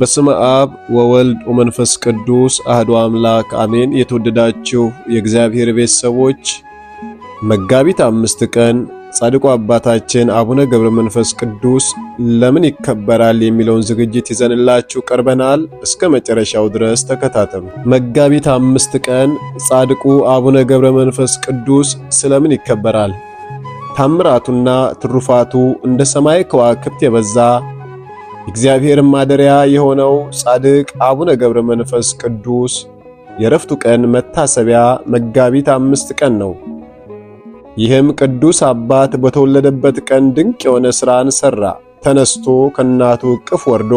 በስመ አብ ወወልድ ወመንፈስ ቅዱስ አህዶ አምላክ አሜን። የተወደዳችሁ የእግዚአብሔር ቤተሰቦች ሰዎች መጋቢት አምስት ቀን ጻድቁ አባታችን አቡነ ገብረ መንፈስ ቅዱስ ለምን ይከበራል የሚለውን ዝግጅት ይዘንላችሁ ቀርበናል። እስከ መጨረሻው ድረስ ተከታተሉ። መጋቢት አምስት ቀን ጻድቁ አቡነ ገብረ መንፈስ ቅዱስ ስለምን ይከበራል? ታምራቱና ትሩፋቱ እንደ ሰማይ ከዋክብት የበዛ የእግዚአብሔር ማደሪያ የሆነው ጻድቅ አቡነ ገብረ መንፈስ ቅዱስ የረፍቱ ቀን መታሰቢያ መጋቢት አምስት ቀን ነው። ይህም ቅዱስ አባት በተወለደበት ቀን ድንቅ የሆነ ሥራን ሠራ። ተነስቶ ከእናቱ ቅፍ ወርዶ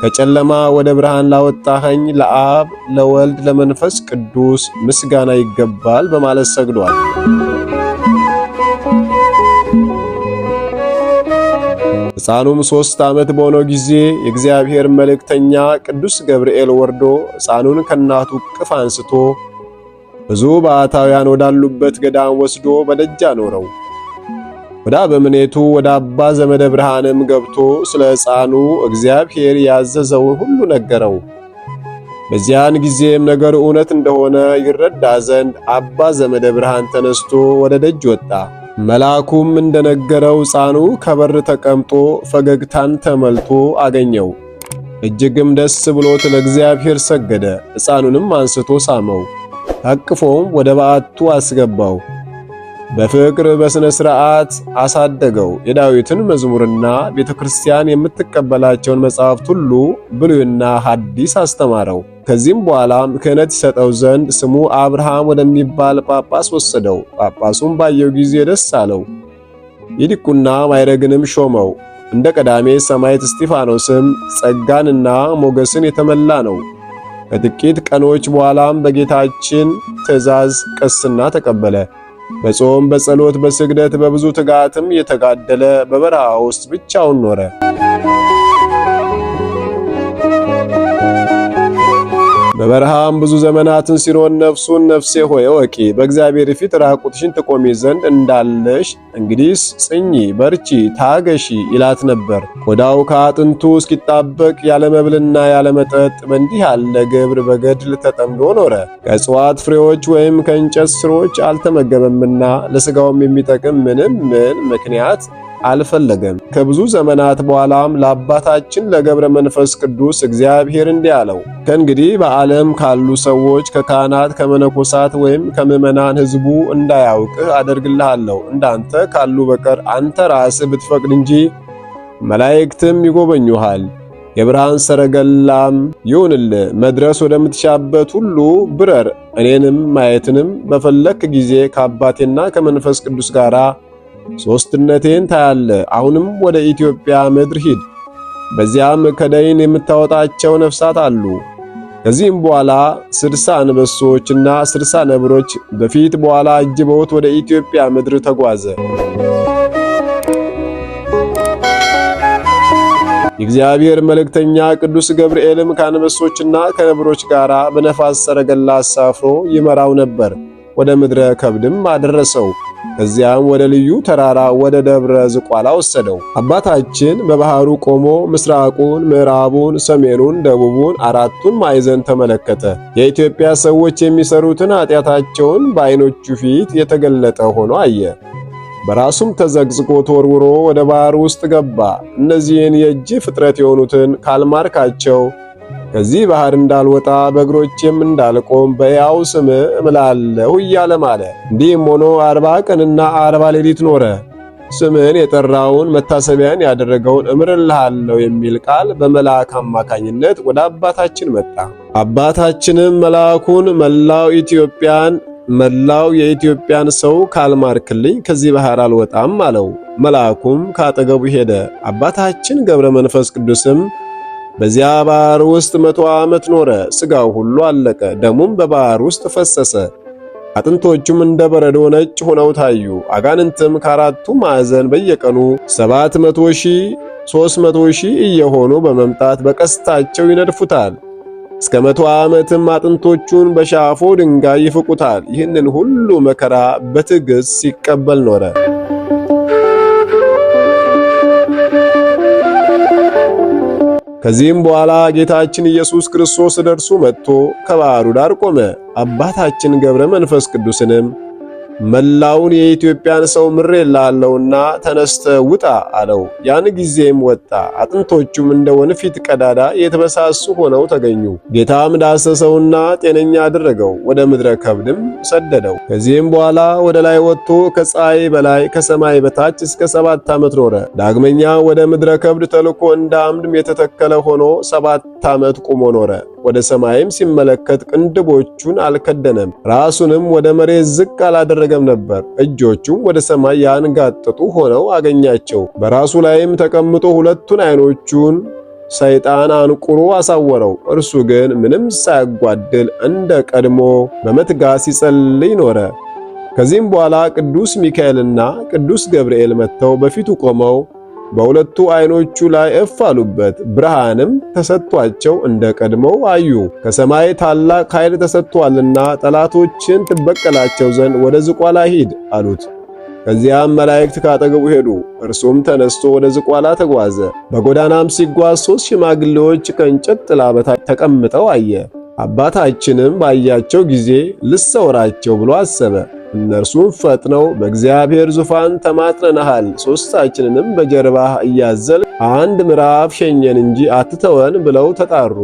ከጨለማ ወደ ብርሃን ላወጣኸኝ ለአብ ለወልድ ለመንፈስ ቅዱስ ምስጋና ይገባል በማለት ሰግዷል። ሕፃኑም ሦስት ዓመት በሆነው ጊዜ የእግዚአብሔር መልእክተኛ ቅዱስ ገብርኤል ወርዶ ሕፃኑን ከእናቱ ቅፍ አንስቶ ብዙ ባሕታውያን ወዳሉበት ገዳም ወስዶ በደጅ አኖረው። ወደ አበምኔቱ ወደ አባ ዘመደ ብርሃንም ገብቶ ስለ ሕፃኑ እግዚአብሔር ያዘዘውን ሁሉ ነገረው። በዚያን ጊዜም ነገር እውነት እንደሆነ ይረዳ ዘንድ አባ ዘመደ ብርሃን ተነስቶ ወደ ደጅ ወጣ። መልአኩም እንደነገረው ሕፃኑ ከበር ተቀምጦ ፈገግታን ተሞልቶ አገኘው። እጅግም ደስ ብሎት ለእግዚአብሔር ሰገደ። ሕፃኑንም አንስቶ ሳመው፣ አቅፎም ወደ በዓቱ አስገባው። በፍቅር በሥነ ሥርዓት አሳደገው። የዳዊትን መዝሙርና ቤተ ክርስቲያን የምትቀበላቸውን መጻሕፍት ሁሉ ብሉይና ሐዲስ አስተማረው። ከዚህም በኋላ ክህነት ይሰጠው ዘንድ ስሙ አብርሃም ወደሚባል ጳጳስ ወሰደው። ጳጳሱም ባየው ጊዜ ደስ አለው። የዲቁና ማይረግንም ሾመው። እንደ ቀዳሜ ሰማዕት እስጢፋኖስም ጸጋንና ሞገስን የተመላ ነው። ከጥቂት ቀኖች በኋላም በጌታችን ትእዛዝ ቅስና ተቀበለ። በጾም በጸሎት በስግደት በብዙ ትጋትም የተጋደለ በበረሃ ውስጥ ብቻውን ኖረ። በበረሃም ብዙ ዘመናትን ሲሮን ነፍሱን ነፍሴ ሆይ ወቂ፣ በእግዚአብሔር ፊት ራቁትሽን ትቆሚ ዘንድ እንዳለሽ እንግዲህስ ጽኚ፣ በርቺ፣ ታገሺ ይላት ነበር። ቆዳው ከአጥንቱ እስኪጣበቅ ያለ መብልና ያለ መጠጥ በእንዲህ ያለ ግብር በገድል ተጠምዶ ኖረ። ከእጽዋት ፍሬዎች ወይም ከእንጨት ስሮች አልተመገበምና ለስጋውም የሚጠቅም ምንም ምን ምክንያት አልፈለገም። ከብዙ ዘመናት በኋላም ለአባታችን ለገብረ መንፈስ ቅዱስ እግዚአብሔር እንዲህ አለው። ከእንግዲህ በዓለም ካሉ ሰዎች ከካህናት፣ ከመነኮሳት ወይም ከምዕመናን ሕዝቡ እንዳያውቅህ አደርግልሃለሁ። እንዳንተ ካሉ በቀር አንተ ራስህ ብትፈቅድ እንጂ መላእክትም ይጎበኙሃል። የብርሃን ሰረገላም ይሁንልህ። መድረስ ወደምትሻበት ሁሉ ብረር። እኔንም ማየትንም በፈለክ ጊዜ ከአባቴና ከመንፈስ ቅዱስ ጋር ሦስትነቴን ታያለ። አሁንም ወደ ኢትዮጵያ ምድር ሂድ። በዚያም ከደይን የምታወጣቸው ነፍሳት አሉ። ከዚህም በኋላ ስድሳ አንበሶችና ስድሳ ነብሮች በፊት በኋላ አጅበውት ወደ ኢትዮጵያ ምድር ተጓዘ። የእግዚአብሔር መልእክተኛ ቅዱስ ገብርኤልም ከአንበሶችና ከነብሮች ጋር በነፋስ ሰረገላ አሳፍሮ ይመራው ነበር። ወደ ምድረ ከብድም አደረሰው። ከዚያም ወደ ልዩ ተራራ ወደ ደብረ ዝቋላ ወሰደው። አባታችን በባህሩ ቆሞ ምስራቁን፣ ምዕራቡን፣ ሰሜኑን፣ ደቡቡን አራቱን ማዕዘን ተመለከተ። የኢትዮጵያ ሰዎች የሚሰሩትን ኃጢአታቸውን በዓይኖቹ ፊት የተገለጠ ሆኖ አየ። በራሱም ተዘግዝቆ ተወርውሮ ወደ ባህር ውስጥ ገባ። እነዚህን የእጅ ፍጥረት የሆኑትን ካልማርካቸው ከዚህ ባህር እንዳልወጣ በእግሮቼም እንዳልቆም በያው ስም እምላለሁ እያለ ማለ። እንዲህም ሆኖ አርባ ቀንና አርባ ሌሊት ኖረ። ስምህን የጠራውን መታሰቢያን ያደረገውን እምርልሃለሁ የሚል ቃል በመልአክ አማካኝነት ወደ አባታችን መጣ። አባታችንም መልአኩን መላው ኢትዮጵያን መላው የኢትዮጵያን ሰው ካልማርክልኝ ከዚህ ባህር አልወጣም አለው። መልአኩም ከአጠገቡ ሄደ። አባታችን ገብረ መንፈስ ቅዱስም በዚያ ባህር ውስጥ መቶ ዓመት ኖረ። ሥጋው ሁሉ አለቀ፣ ደሙም በባህር ውስጥ ፈሰሰ። አጥንቶቹም እንደ በረዶ ነጭ ሆነው ታዩ። አጋንንትም ከአራቱ ማዕዘን በየቀኑ ሰባት መቶ ሺህ ሦስት መቶ ሺህ እየሆኑ በመምጣት በቀስታቸው ይነድፉታል። እስከ መቶ ዓመትም አጥንቶቹን በሻፎ ድንጋይ ይፍቁታል። ይህንን ሁሉ መከራ በትዕግሥት ሲቀበል ኖረ። ከዚህም በኋላ ጌታችን ኢየሱስ ክርስቶስ ደርሱ መጥቶ ከባሕሩ ዳር ቆመ። አባታችን ገብረ መንፈስ ቅዱስንም መላውን የኢትዮጵያን ሰው ምሬ ላለውና ተነስተ ውጣ አለው። ያን ጊዜም ወጣ። አጥንቶቹም እንደ ወንፊት ቀዳዳ የተበሳሱ ሆነው ተገኙ። ጌታም ዳሰሰውና ጤነኛ አደረገው፣ ወደ ምድረ ከብድም ሰደደው። ከዚህም በኋላ ወደ ላይ ወጥቶ ከፀሐይ በላይ ከሰማይ በታች እስከ ሰባት ዓመት ኖረ። ዳግመኛ ወደ ምድረ ከብድ ተልኮ እንደ አምድም የተተከለ ሆኖ ሰባት ዓመት ቁሞ ኖረ። ወደ ሰማይም ሲመለከት ቅንድቦቹን አልከደነም፣ ራሱንም ወደ መሬት ዝቅ አላደረገ አልፈለገም ነበር። እጆቹም ወደ ሰማይ ያንጋጠጡ ሆነው አገኛቸው። በራሱ ላይም ተቀምጦ ሁለቱን አይኖቹን ሰይጣን አንቁሮ አሳወረው። እርሱ ግን ምንም ሳያጓድል እንደ ቀድሞ በመትጋት ሲጸልይ ኖረ። ከዚህም በኋላ ቅዱስ ሚካኤልና ቅዱስ ገብርኤል መጥተው በፊቱ ቆመው በሁለቱ ዓይኖቹ ላይ እፍ አሉበት፣ ብርሃንም ተሰጥቷቸው እንደ ቀድሞው አዩ። ከሰማይ ታላቅ ኃይል ተሰጥቷልና ጠላቶችን ትበቀላቸው ዘንድ ወደ ዝቋላ ሂድ አሉት። ከዚያም መላእክት ካጠገቡ ሄዱ። እርሱም ተነስቶ ወደ ዝቋላ ተጓዘ። በጎዳናም ሲጓዝ ሦስት ሽማግሌዎች ከእንጨት ጥላ በታች ተቀምጠው አየ። አባታችንም ባያቸው ጊዜ ልሰውራቸው ብሎ አሰበ። እነርሱም ፈጥነው በእግዚአብሔር ዙፋን ተማጥነናሃል፣ ሦስታችንንም በጀርባህ እያዘል አንድ ምዕራፍ ሸኘን እንጂ አትተወን ብለው ተጣሩ።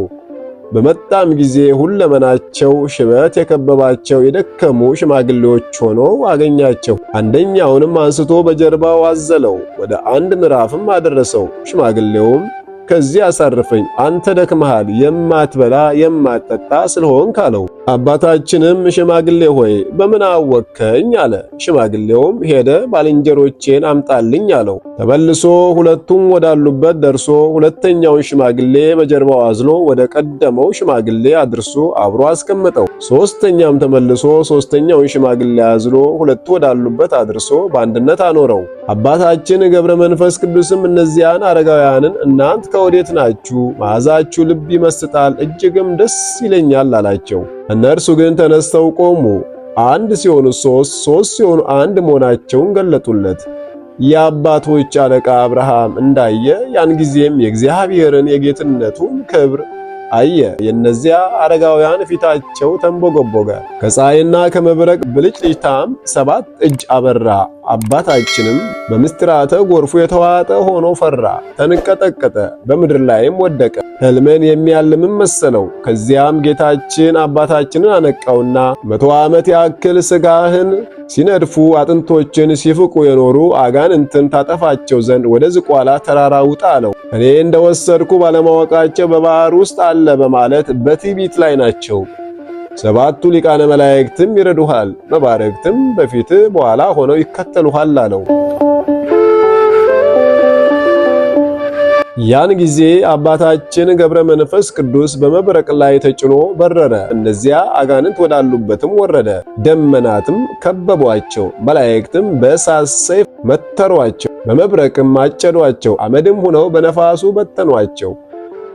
በመጣም ጊዜ ሁለመናቸው ሽበት የከበባቸው የደከሙ ሽማግሌዎች ሆኖ አገኛቸው። አንደኛውንም አንስቶ በጀርባው አዘለው፣ ወደ አንድ ምዕራፍም አደረሰው። ሽማግሌውም ከዚህ አሳርፈኝ፣ አንተ ደክመሃል፣ የማትበላ የማትጠጣ ስለሆንክ አለው። አባታችንም ሽማግሌ ሆይ በምን አወከኝ አለ። ሽማግሌውም ሄደ ባልንጀሮቼን አምጣልኝ አለው። ተመልሶ ሁለቱም ወዳሉበት ደርሶ ሁለተኛውን ሽማግሌ በጀርባው አዝሎ ወደ ቀደመው ሽማግሌ አድርሶ አብሮ አስቀምጠው። ሶስተኛም ተመልሶ ሶስተኛውን ሽማግሌ አዝሎ ሁለቱ ወዳሉበት አድርሶ በአንድነት አኖረው። አባታችን ገብረ መንፈስ ቅዱስም እነዚያን አረጋውያንን እናንት ከወዴት ናችሁ? መዓዛችሁ ልብ ይመስጣል፣ እጅግም ደስ ይለኛል አላቸው። እነርሱ ግን ተነስተው ቆሙ። አንድ ሲሆኑ ሶስት፣ ሶስት ሲሆኑ አንድ መሆናቸውን ገለጡለት። የአባቶች አለቃ አብርሃም እንዳየ ያን ጊዜም የእግዚአብሔርን የጌትነቱን ክብር አየ። የእነዚያ አረጋውያን ፊታቸው ተንቦገቦገ፣ ከፀሐይና ከመብረቅ ብልጭልጭታም ሰባት እጅ አበራ። አባታችንም በምስጢራተ ጎርፉ የተዋጠ ሆኖ ፈራ፣ ተንቀጠቀጠ፣ በምድር ላይም ወደቀ። ሕልምን የሚያልምም መሰለው። ከዚያም ጌታችን አባታችንን አነቃውና መቶ ዓመት ያክል ሥጋህን ሲነድፉ አጥንቶችን ሲፍቁ የኖሩ አጋንንትን ታጠፋቸው ዘንድ ወደ ዝቋላ ተራራ ውጣ አለው። እኔ እንደወሰድኩ ባለማወቃቸው በባሕር ውስጥ አለ በማለት በትዕቢት ላይ ናቸው። ሰባቱ ሊቃነ መላእክትም ይረዱሃል፣ መባረክትም በፊት በኋላ ሆነው ይከተሉሃል አለው። ያን ጊዜ አባታችን ገብረ መንፈስ ቅዱስ በመብረቅ ላይ ተጭኖ በረረ። እነዚያ አጋንንት ወዳሉበትም ወረደ። ደመናትም ከበቧቸው፣ መላእክትም በእሳት ሰይፍ መተሯቸው፣ በመብረቅም አጨዷቸው፣ አመድም ሆነው በነፋሱ በተኗቸው።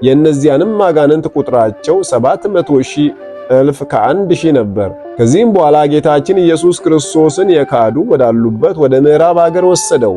የእነዚያንም አጋንንት ቁጥራቸው ሰባት መቶ ሺህ እልፍ ከአንድ ሺህ ነበር። ከዚህም በኋላ ጌታችን ኢየሱስ ክርስቶስን የካዱ ወዳሉበት ወደ ምዕራብ አገር ወሰደው።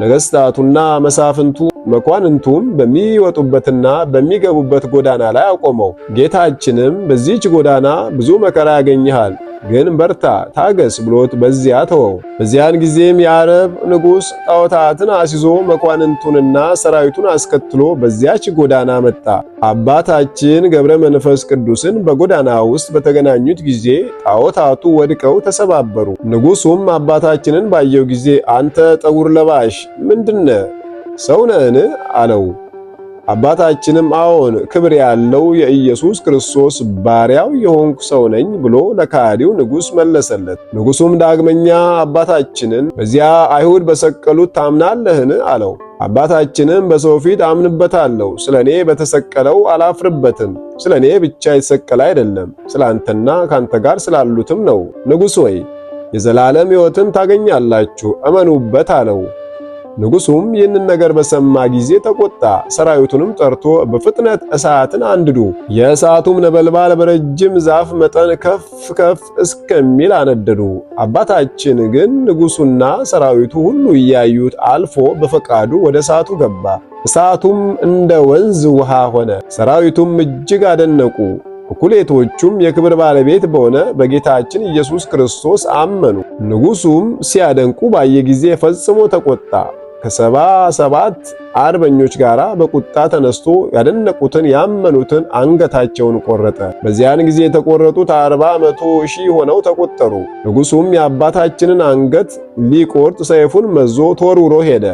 ነገሥታቱና መሳፍንቱ መኳንንቱም በሚወጡበትና በሚገቡበት ጎዳና ላይ አቆመው። ጌታችንም በዚህች ጎዳና ብዙ መከራ ያገኝሃል ግን በርታ ታገስ ብሎት በዚያ ተወው። በዚያን ጊዜም የአረብ ንጉሥ ጣዖታትን አስይዞ መኳንንቱንና ሰራዊቱን አስከትሎ በዚያች ጎዳና መጣ። አባታችን ገብረ መንፈስ ቅዱስን በጎዳና ውስጥ በተገናኙት ጊዜ ጣዖታቱ ወድቀው ተሰባበሩ። ንጉሡም አባታችንን ባየው ጊዜ አንተ ጠጉር ለባሽ ምንድነ ሰውነን አለው። አባታችንም አዎን ክብር ያለው የኢየሱስ ክርስቶስ ባሪያው የሆንኩ ሰው ነኝ ብሎ ለካዲው ንጉሥ መለሰለት። ንጉሡም ዳግመኛ አባታችንን በዚያ አይሁድ በሰቀሉት ታምናለህን? አለው። አባታችንም በሰው ፊት አምንበታለሁ፣ ስለ እኔ በተሰቀለው አላፍርበትም። ስለ እኔ ብቻ የተሰቀለ አይደለም፣ ስለ አንተና ካንተ ጋር ስላሉትም ነው። ንጉሥ ወይ የዘላለም ሕይወትን ታገኛላችሁ፣ እመኑበት አለው። ንጉሱም ይህንን ነገር በሰማ ጊዜ ተቆጣ። ሰራዊቱንም ጠርቶ በፍጥነት እሳትን አንድዱ። የእሳቱም ነበልባል በረጅም ዛፍ መጠን ከፍ ከፍ እስከሚል አነደዱ። አባታችን ግን ንጉሱና ሰራዊቱ ሁሉ እያዩት አልፎ በፈቃዱ ወደ እሳቱ ገባ። እሳቱም እንደ ወንዝ ውሃ ሆነ። ሰራዊቱም እጅግ አደነቁ። እኩሌቶቹም የክብር ባለቤት በሆነ በጌታችን ኢየሱስ ክርስቶስ አመኑ። ንጉሱም ሲያደንቁ ባየ ጊዜ ፈጽሞ ተቆጣ። ከሰባ ሰባት አርበኞች ጋር በቁጣ ተነስቶ ያደነቁትን ያመኑትን አንገታቸውን ቆረጠ። በዚያን ጊዜ የተቆረጡት አርባ መቶ ሺህ ሆነው ተቆጠሩ። ንጉሡም የአባታችንን አንገት ሊቆርጥ ሰይፉን መዞ ተወርውሮ ሄደ።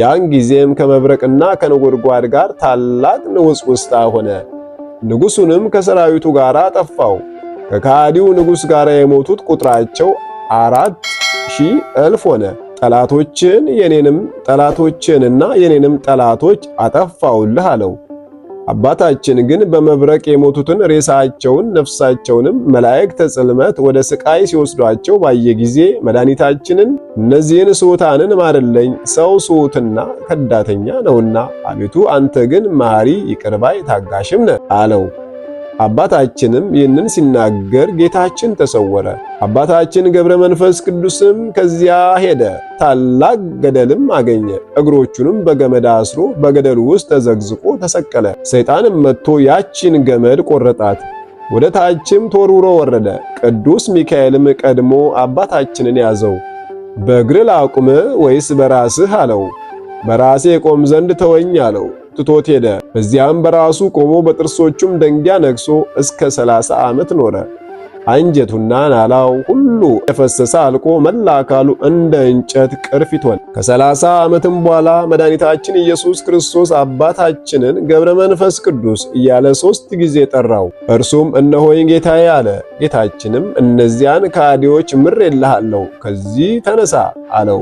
ያን ጊዜም ከመብረቅና ከነጎድጓድ ጋር ታላቅ ንውጽውጽታ ሆነ። ንጉሡንም ከሰራዊቱ ጋር ጠፋው። ከካዲው ንጉሥ ጋር የሞቱት ቁጥራቸው አራት ሺህ እልፍ ሆነ። ጠላቶችን የኔንም ጠላቶችንና የኔንም ጠላቶች አጠፋውልህ አለው። አባታችን ግን በመብረቅ የሞቱትን ሬሳቸውን ነፍሳቸውንም መላእክተ ጽልመት ወደ ስቃይ ሲወስዷቸው ባየ ጊዜ መድኃኒታችንን እነዚህን ሶታንን ማርልኝ፣ ሰው ሶትና ከዳተኛ ነውና፣ አቤቱ አንተ ግን መሐሪ ይቅር ታጋሽም ነህ አለው። አባታችንም ይህንን ሲናገር ጌታችን ተሰወረ። አባታችን ገብረ መንፈስ ቅዱስም ከዚያ ሄደ። ታላቅ ገደልም አገኘ። እግሮቹንም በገመድ አስሮ በገደሉ ውስጥ ተዘግዝቆ ተሰቀለ። ሰይጣንም መጥቶ ያቺን ገመድ ቆረጣት። ወደ ታችም ተወርውሮ ወረደ። ቅዱስ ሚካኤልም ቀድሞ አባታችንን ያዘው። በእግር ላቁም ወይስ በራስህ አለው። በራሴ ቆም ዘንድ ተወኝ አለው። ትቶት ሄደ። በዚያም በራሱ ቆሞ በጥርሶቹም ደንጊያ ነግሶ እስከ 30 ዓመት ኖረ። አንጀቱና ናላው ሁሉ የፈሰሰ አልቆ መላ አካሉ እንደ እንጨት ቅርፊት ሆነ። ከሰላሳ ዓመትም በኋላ መድኃኒታችን ኢየሱስ ክርስቶስ አባታችንን ገብረ መንፈስ ቅዱስ እያለ ሦስት ጊዜ ጠራው። እርሱም እነሆኝ ጌታዬ አለ። ጌታችንም እነዚያን ከሃዲዎች ምሬልሃለሁ፣ ከዚህ ተነሳ አለው።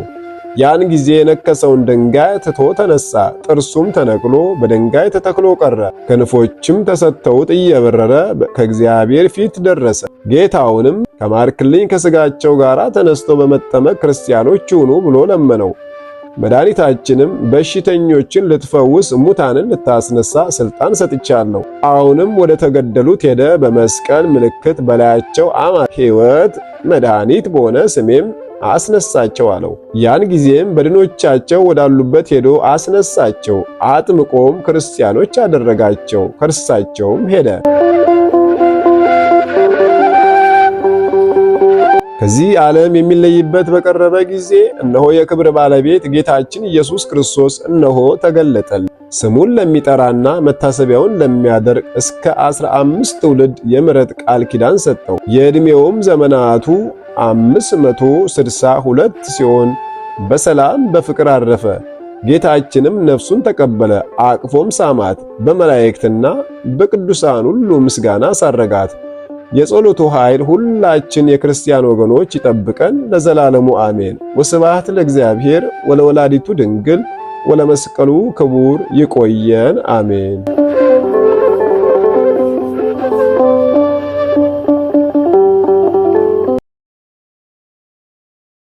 ያን ጊዜ የነከሰውን ድንጋይ ትቶ ተነሳ። ጥርሱም ተነቅሎ በድንጋይ ተተክሎ ቀረ። ክንፎችም ተሰጥተውት እየበረረ ከእግዚአብሔር ፊት ደረሰ። ጌታውንም ከማርክልኝ ከስጋቸው ጋር ተነስቶ በመጠመቅ ክርስቲያኖች ሁኑ ብሎ ለመነው። መድኃኒታችንም በሽተኞችን ልትፈውስ ሙታንን ልታስነሳ ስልጣን ሰጥቻለሁ። አሁንም ወደ ተገደሉት ሄደ በመስቀል ምልክት በላያቸው አማ ሕይወት መድኃኒት በሆነ ስሜም አስነሳቸው አለው። ያን ጊዜም በድኖቻቸው ወዳሉበት ሄዶ አስነሳቸው፣ አጥምቆም ክርስቲያኖች አደረጋቸው። ከርሳቸውም ሄደ። ከዚህ ዓለም የሚለይበት በቀረበ ጊዜ እነሆ የክብር ባለቤት ጌታችን ኢየሱስ ክርስቶስ እነሆ ተገለጠል። ስሙን ለሚጠራና መታሰቢያውን ለሚያደርግ እስከ 15 ትውልድ የምሕረት ቃል ኪዳን ሰጠው። የዕድሜውም ዘመናቱ 562 ሲሆን በሰላም በፍቅር አረፈ። ጌታችንም ነፍሱን ተቀበለ፣ አቅፎም ሳማት። በመላእክትና በቅዱሳን ሁሉ ምስጋና አሳረጋት። የጸሎቱ ኃይል ሁላችን የክርስቲያን ወገኖች ይጠብቀን ለዘላለሙ አሜን። ወስብሐት ለእግዚአብሔር ወለወላዲቱ ድንግል ወለመስቀሉ ክቡር። ይቆየን። አሜን።